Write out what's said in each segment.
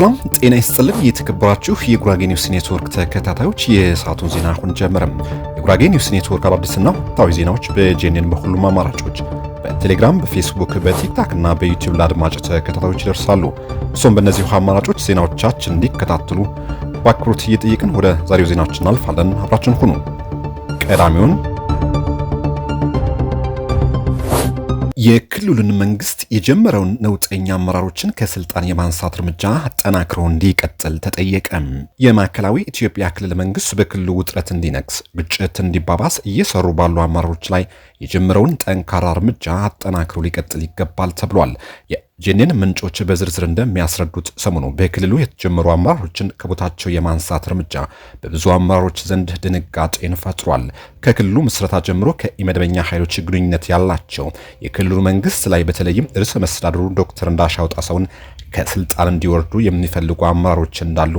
ሰላም ጤና ይስጥልን። የተከበራችሁ የጉራጌ ኒውስ ኔትወርክ ተከታታዮች የሰዓቱን ዜና አሁን ጀመረም። የጉራጌ ኒውስ ኔትወርክ አዳዲስና ወቅታዊ ዜናዎች በጄኔን በሁሉም አማራጮች በቴሌግራም፣ በፌስቡክ፣ በቲክታክ እና በዩቲዩብ ለአድማጭ ተከታታዮች ይደርሳሉ። እሱም በእነዚሁ አማራጮች ዜናዎቻችን እንዲከታተሉ በአክብሮት እየጠየቅን ወደ ዛሬው ዜናዎች እናልፋለን። አብራችን ሁኑ። ቀዳሚውን የክልሉን መንግስት የጀመረውን ነውጠኛ አመራሮችን ከስልጣን የማንሳት እርምጃ አጠናክሮ እንዲቀጥል ተጠየቀ። የማዕከላዊ ኢትዮጵያ ክልል መንግስት በክልሉ ውጥረት እንዲነግስ፣ ግጭት እንዲባባስ እየሰሩ ባሉ አመራሮች ላይ የጀመረውን ጠንካራ እርምጃ አጠናክሮ ሊቀጥል ይገባል ተብሏል። ጄኔን ምንጮች በዝርዝር እንደሚያስረዱት ሰሞኑ በክልሉ የተጀመሩ አመራሮችን ከቦታቸው የማንሳት እርምጃ በብዙ አመራሮች ዘንድ ድንጋጤን ፈጥሯል። ከክልሉ ምስረታ ጀምሮ ከኢመደበኛ ኃይሎች ግንኙነት ያላቸው የክልሉ መንግስት ላይ በተለይም ርዕሰ መስተዳድሩ ዶክተር እንዳሻው ጣሰውን ከስልጣን እንዲወርዱ የሚፈልጉ አመራሮች እንዳሉ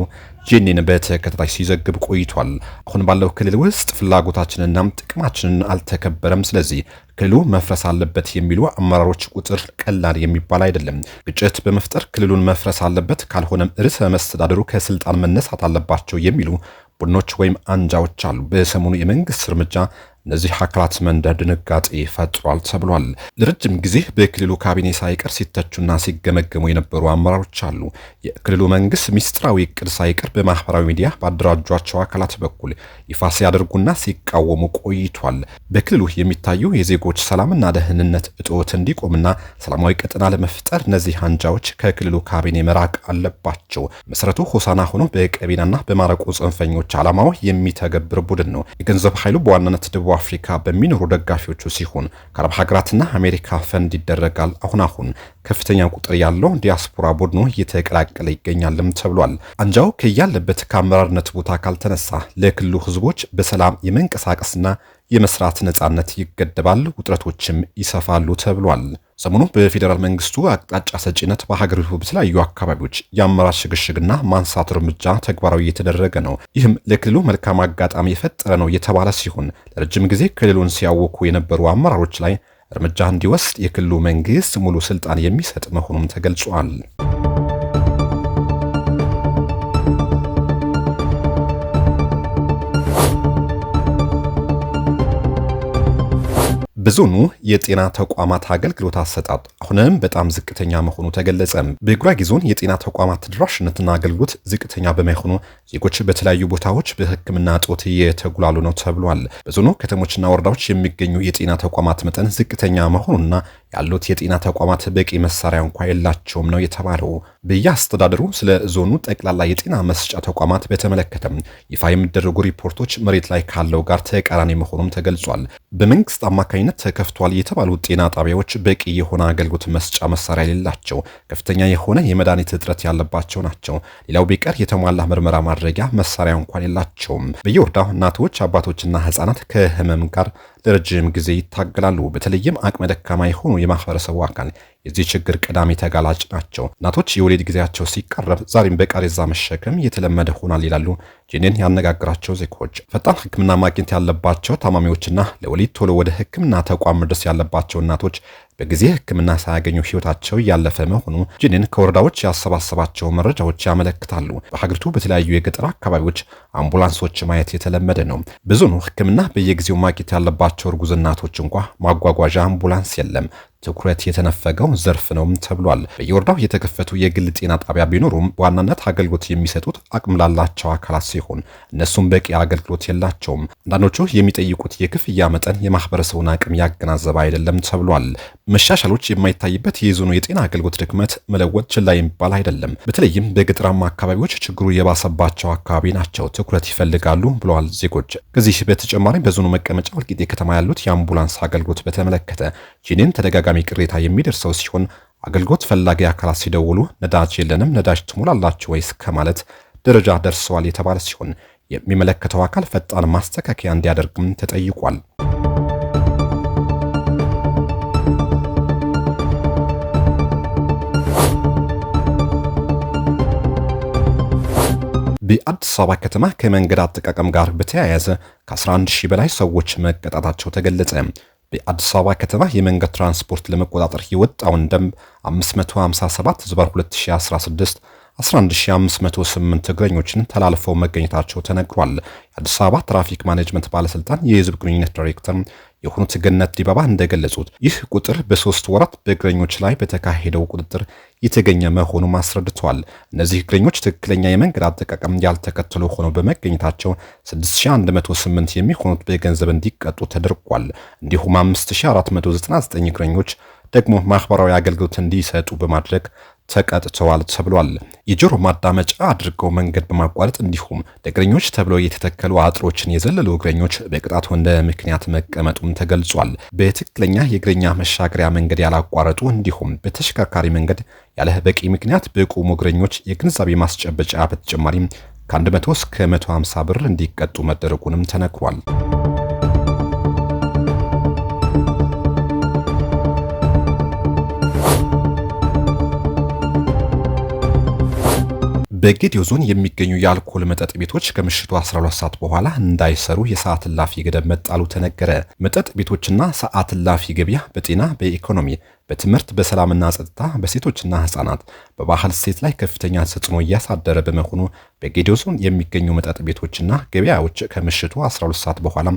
ጄኔን በተከታታይ ሲዘግብ ቆይቷል። አሁን ባለው ክልል ውስጥ ፍላጎታችንና ጥቅማችንን አልተከበረም። ስለዚህ ክልሉ መፍረስ አለበት የሚሉ አመራሮች ቁጥር ቀላል የሚባል አይደለም። ግጭት በመፍጠር ክልሉን መፍረስ አለበት፣ ካልሆነም ርዕሰ መስተዳደሩ ከስልጣን መነሳት አለባቸው የሚሉ ቡድኖች ወይም አንጃዎች አሉ። በሰሞኑ የመንግስት እርምጃ እነዚህ አካላት ዘንድ ድንጋጤ ፈጥሯል ተብሏል። ለረጅም ጊዜ በክልሉ ካቢኔ ሳይቀር ሲተቹና ሲገመገሙ የነበሩ አመራሮች አሉ። የክልሉ መንግስት ሚስጥራዊ እቅድ ሳይቀር በማህበራዊ ሚዲያ ባደራጇቸው አካላት በኩል ይፋ ሲያደርጉና ሲቃወሙ ቆይቷል። በክልሉ የሚታዩ የዜጎች ሰላምና ደህንነት እጦት እንዲቆምና ሰላማዊ ቀጠና ለመፍጠር እነዚህ አንጃዎች ከክልሉ ካቢኔ መራቅ አለባቸው። መሰረቱ ሆሳና ሆኖ በቀቢናና በማረቆ ጽንፈኞች ዓላማው የሚተገብር ቡድን ነው። የገንዘብ ኃይሉ በዋናነት ድቡ በደቡብ አፍሪካ በሚኖሩ ደጋፊዎቹ ሲሆን ከአረብ ሀገራትና አሜሪካ ፈንድ ይደረጋል። አሁን አሁን ከፍተኛ ቁጥር ያለው ዲያስፖራ ቡድኑ እየተቀላቀለ ይገኛልም ተብሏል። አንጃው ከያለበት ከአመራርነት ቦታ ካልተነሳ ለክልሉ ህዝቦች በሰላም የመንቀሳቀስና የመስራት ነጻነት ይገደባል፣ ውጥረቶችም ይሰፋሉ ተብሏል። ሰሞኑ በፌዴራል መንግስቱ አቅጣጫ ሰጪነት በሀገሪቱ በተለያዩ አካባቢዎች የአመራር ሽግሽግና ማንሳት እርምጃ ተግባራዊ እየተደረገ ነው። ይህም ለክልሉ መልካም አጋጣሚ የፈጠረ ነው የተባለ ሲሆን ለረጅም ጊዜ ክልሉን ሲያወኩ የነበሩ አመራሮች ላይ እርምጃ እንዲወስድ የክልሉ መንግስት ሙሉ ስልጣን የሚሰጥ መሆኑም ተገልጿል። በዞኑ የጤና ተቋማት አገልግሎት አሰጣጥ አሁንም በጣም ዝቅተኛ መሆኑ ተገለጸ። በጉራጌ ዞን የጤና ተቋማት ተደራሽነትና አገልግሎት ዝቅተኛ በመሆኑ ዜጎች በተለያዩ ቦታዎች በሕክምና እጦት እየተጉላሉ ነው ተብሏል። በዞኑ ከተሞችና ወረዳዎች የሚገኙ የጤና ተቋማት መጠን ዝቅተኛ መሆኑና ያሉት የጤና ተቋማት በቂ መሳሪያ እንኳ የላቸውም ነው የተባለው። አስተዳደሩ ስለ ዞኑ ጠቅላላ የጤና መስጫ ተቋማት በተመለከተም ይፋ የሚደረጉ ሪፖርቶች መሬት ላይ ካለው ጋር ተቃራኒ መሆኑም ተገልጿል። በመንግስት አማካኝነት ተከፍቷል የተባሉ ጤና ጣቢያዎች በቂ የሆነ አገልግሎት መስጫ መሳሪያ የሌላቸው፣ ከፍተኛ የሆነ የመድኃኒት እጥረት ያለባቸው ናቸው። ሌላው ቢቀር የተሟላ ምርመራ ማድረጊያ መሳሪያ እንኳን የላቸውም። በየወረዳው እናቶች አባቶችና ህጻናት ከህመም ጋር ለረጅም ጊዜ ይታገላሉ። በተለይም አቅመ ደካማ የሆኑ የማህበረሰቡ አካል የዚህ ችግር ቀዳሚ ተጋላጭ ናቸው። እናቶች የወሊድ ጊዜያቸው ሲቀረብ ዛሬም በቃሬዛ መሸከም የተለመደ ሆናል ይላሉ ጄኔን ያነጋግራቸው ዜጎች። ፈጣን ሕክምና ማግኘት ያለባቸው ታማሚዎችና ለወሊድ ቶሎ ወደ ሕክምና ተቋም መድረስ ያለባቸው እናቶች በጊዜ ሕክምና ሳያገኙ ህይወታቸው እያለፈ መሆኑ ጅንን ከወረዳዎች ያሰባሰባቸው መረጃዎች ያመለክታሉ። በሀገሪቱ በተለያዩ የገጠር አካባቢዎች አምቡላንሶች ማየት የተለመደ ነው። ብዙኑ ሕክምና በየጊዜው ማግኘት ያለባቸው እርጉዝ እናቶች እንኳ ማጓጓዣ አምቡላንስ የለም። ትኩረት የተነፈገው ዘርፍ ነውም ተብሏል። በየወረዳው የተከፈቱ የግል ጤና ጣቢያ ቢኖሩም በዋናነት አገልግሎት የሚሰጡት አቅም ላላቸው አካላት ሲሆን እነሱም በቂ አገልግሎት የላቸውም። አንዳንዶቹ የሚጠይቁት የክፍያ መጠን የማህበረሰቡን አቅም ያገናዘበ አይደለም ተብሏል። መሻሻሎች የማይታይበት የዞኑ የጤና አገልግሎት ድክመት መለወጥ ችላ የሚባል አይደለም። በተለይም በገጠራማ አካባቢዎች ችግሩ የባሰባቸው አካባቢ ናቸው ትኩረት ይፈልጋሉ ብለዋል ዜጎች። ከዚህ በተጨማሪ በዞኑ መቀመጫ ወልቂጤ ከተማ ያሉት የአምቡላንስ አገልግሎት በተመለከተ ይህንን ተደጋጋሚ ተደጋጋሚ ቅሬታ የሚደርሰው ሲሆን አገልግሎት ፈላጊ አካላት ሲደውሉ ነዳጅ የለንም፣ ነዳጅ ትሞላላችሁ ወይስ ከማለት ደረጃ ደርሰዋል የተባለ ሲሆን የሚመለከተው አካል ፈጣን ማስተካከያ እንዲያደርግም ተጠይቋል። በአዲስ አበባ ከተማ ከመንገድ አጠቃቀም ጋር በተያያዘ ከ11 ሺህ በላይ ሰዎች መቀጣታቸው ተገለጸ። በአዲስ አበባ ከተማ የመንገድ ትራንስፖርት ለመቆጣጠር የወጣውን ደንብ 557 ዝባር 2016 11508 እግረኞችን ተላልፈው መገኘታቸው ተነግሯል። የአዲስ አበባ ትራፊክ ማኔጅመንት ባለስልጣን የህዝብ ግንኙነት ዳይሬክተር የሆኑት ገነት ዲባባ እንደገለጹት ይህ ቁጥር በሶስት ወራት በእግረኞች ላይ በተካሄደው ቁጥጥር የተገኘ መሆኑን አስረድተዋል። እነዚህ እግረኞች ትክክለኛ የመንገድ አጠቃቀም ያልተከተሉ ሆነው በመገኘታቸው 6108 የሚሆኑት በገንዘብ እንዲቀጡ ተደርጓል። እንዲሁም 5499 እግረኞች ደግሞ ማኅበራዊ አገልግሎት እንዲሰጡ በማድረግ ተቀጥተዋል ተብሏል። የጆሮ ማዳመጫ አድርገው መንገድ በማቋረጥ እንዲሁም ለእግረኞች ተብለው የተተከሉ አጥሮችን የዘለሉ እግረኞች በቅጣት እንደ ምክንያት መቀመጡም ተገልጿል። በትክክለኛ የእግረኛ መሻገሪያ መንገድ ያላቋረጡ እንዲሁም በተሽከርካሪ መንገድ ያለ በቂ ምክንያት በቆሙ እግረኞች የግንዛቤ ማስጨበጫ በተጨማሪም ከ100 እስከ 150 ብር እንዲቀጡ መደረጉንም ተነግሯል። በጌዴኦ ዞን የሚገኙ የአልኮል መጠጥ ቤቶች ከምሽቱ 12 ሰዓት በኋላ እንዳይሰሩ የሰዓት እላፊ ገደብ መጣሉ ተነገረ። መጠጥ ቤቶችና ሰዓት እላፊ ገበያ በጤና፣ በኢኮኖሚ፣ በትምህርት፣ በሰላምና ጸጥታ፣ በሴቶችና ህጻናት፣ በባህል ሴት ላይ ከፍተኛ ተጽዕኖ እያሳደረ በመሆኑ በጌዴኦ ዞን የሚገኙ መጠጥ ቤቶችና ገበያዎች ከምሽቱ 12 ሰዓት በኋላ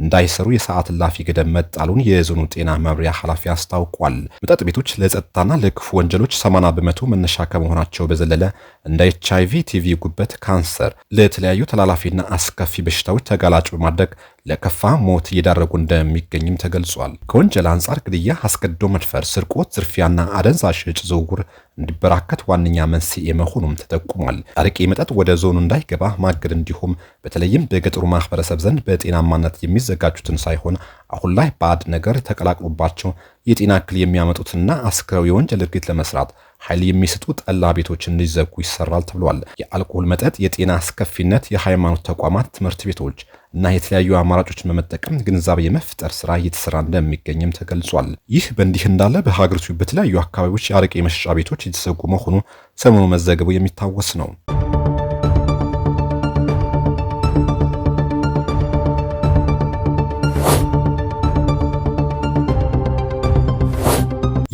እንዳይሰሩ የሰዓት እላፊ ገደብ መጣሉን የዞኑ ጤና መምሪያ ኃላፊ አስታውቋል። መጠጥ ቤቶች ለጸጥታና ለክፉ ወንጀሎች 80 በመቶ መነሻ ከመሆናቸው በዘለለ እንደ ኤች ቲቪ፣ ጉበት፣ ካንሰር ለተለያዩ ተላላፊና አስከፊ በሽታዎች ተጋላጭ በማድረግ ለከፋ ሞት እየዳረጉ እንደሚገኝም ተገልጿል። ከወንጀል አንጻር ግድያ፣ አስገድዶ መድፈር፣ ስርቆት፣ ዝርፊያና አደንዛዥ እጽ ዝውውር እንዲበራከት ዋነኛ መንስኤ መሆኑም ተጠቁሟል። አረቄ መጠጥ ወደ ዞኑ እንዳይገባ ማገድ እንዲሁም በተለይም በገጠሩ ማህበረሰብ ዘንድ በጤናማነት የሚዘጋጁትን ሳይሆን አሁን ላይ ባዕድ ነገር ተቀላቅሎባቸው የጤና እክል የሚያመጡትና አስክረው የወንጀል ድርጊት ለመስራት ኃይል የሚስጡ ጠላ ቤቶች እንዲዘጉ ይሰራል ተብሏል። የአልኮል መጠጥ የጤና አስከፊነት የሃይማኖት ተቋማት፣ ትምህርት ቤቶች እና የተለያዩ አማራጮችን በመጠቀም ግንዛቤ የመፍጠር ስራ እየተሰራ እንደሚገኝም ተገልጿል። ይህ በእንዲህ እንዳለ በሀገሪቱ በተለያዩ አካባቢዎች የአረቄ መሸጫ ቤቶች የተዘጉ መሆኑ ሰሞኑ መዘገቡ የሚታወስ ነው።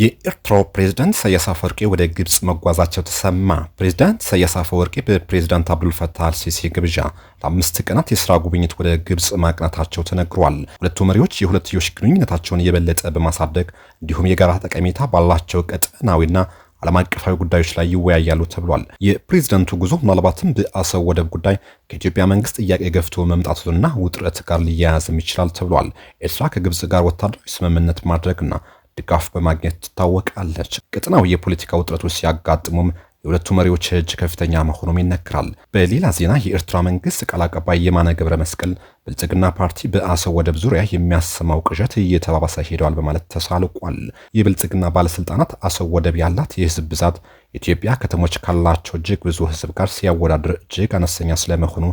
የኤርትራው ፕሬዝዳንት ኢሳያስ አፈወርቂ ወደ ግብፅ መጓዛቸው ተሰማ። ፕሬዝዳንት ኢሳያስ አፈወርቂ በፕሬዝዳንት አብዱልፈታህ አልሲሲ ግብዣ ለአምስት ቀናት የስራ ጉብኝት ወደ ግብፅ ማቅናታቸው ተነግሯል። ሁለቱ መሪዎች የሁለትዮሽ ግንኙነታቸውን የበለጠ በማሳደግ እንዲሁም የጋራ ጠቀሜታ ባላቸው ቀጠናዊና ዓለም አቀፋዊ ጉዳዮች ላይ ይወያያሉ ተብሏል። የፕሬዝደንቱ ጉዞ ምናልባትም በአሰብ ወደብ ጉዳይ ከኢትዮጵያ መንግስት ጥያቄ ገፍቶ መምጣቱንና ውጥረት ጋር ሊያያዝም ይችላል ተብሏል። ኤርትራ ከግብፅ ጋር ወታደራዊ ስምምነት ማድረግና ድጋፍ በማግኘት ትታወቃለች። ቀጠናዊ የፖለቲካ ውጥረቶች ሲያጋጥሙም የሁለቱ መሪዎች እጅ ከፍተኛ መሆኑም ይነገራል። በሌላ ዜና የኤርትራ መንግስት ቃል አቀባይ የማነ ገብረ መስቀል ብልጽግና ፓርቲ በአሰብ ወደብ ዙሪያ የሚያሰማው ቅዠት እየተባባሰ ሄደዋል በማለት ተሳልቋል። የብልጽግና ባለስልጣናት አሰብ ወደብ ያላት የህዝብ ብዛት የኢትዮጵያ ከተሞች ካላቸው እጅግ ብዙ ህዝብ ጋር ሲያወዳድር እጅግ አነስተኛ ስለመሆኑ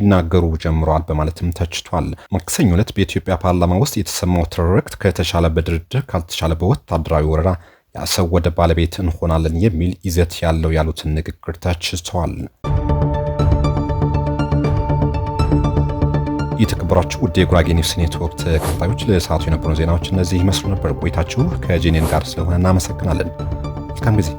ይናገሩ ጀምረዋል በማለትም ተችቷል። ማክሰኞ ዕለት በኢትዮጵያ ፓርላማ ውስጥ የተሰማው ትርክት ከተሻለ በድርድር ካልተሻለ በወታደራዊ ወረራ የአሰብ ወደብ ባለቤት እንሆናለን የሚል ይዘት ያለው ያሉትን ንግግር ተችተዋል። የተከበራችሁ ውድ የጉራጌ ኒውስ ኔትወርክ ተከታዮች ለሰዓቱ የነበሩ ዜናዎች እነዚህ ይመስሉ ነበር። ቆይታችሁ ከጄኔን ጋር ስለሆነ እናመሰግናለን። መልካም ጊዜ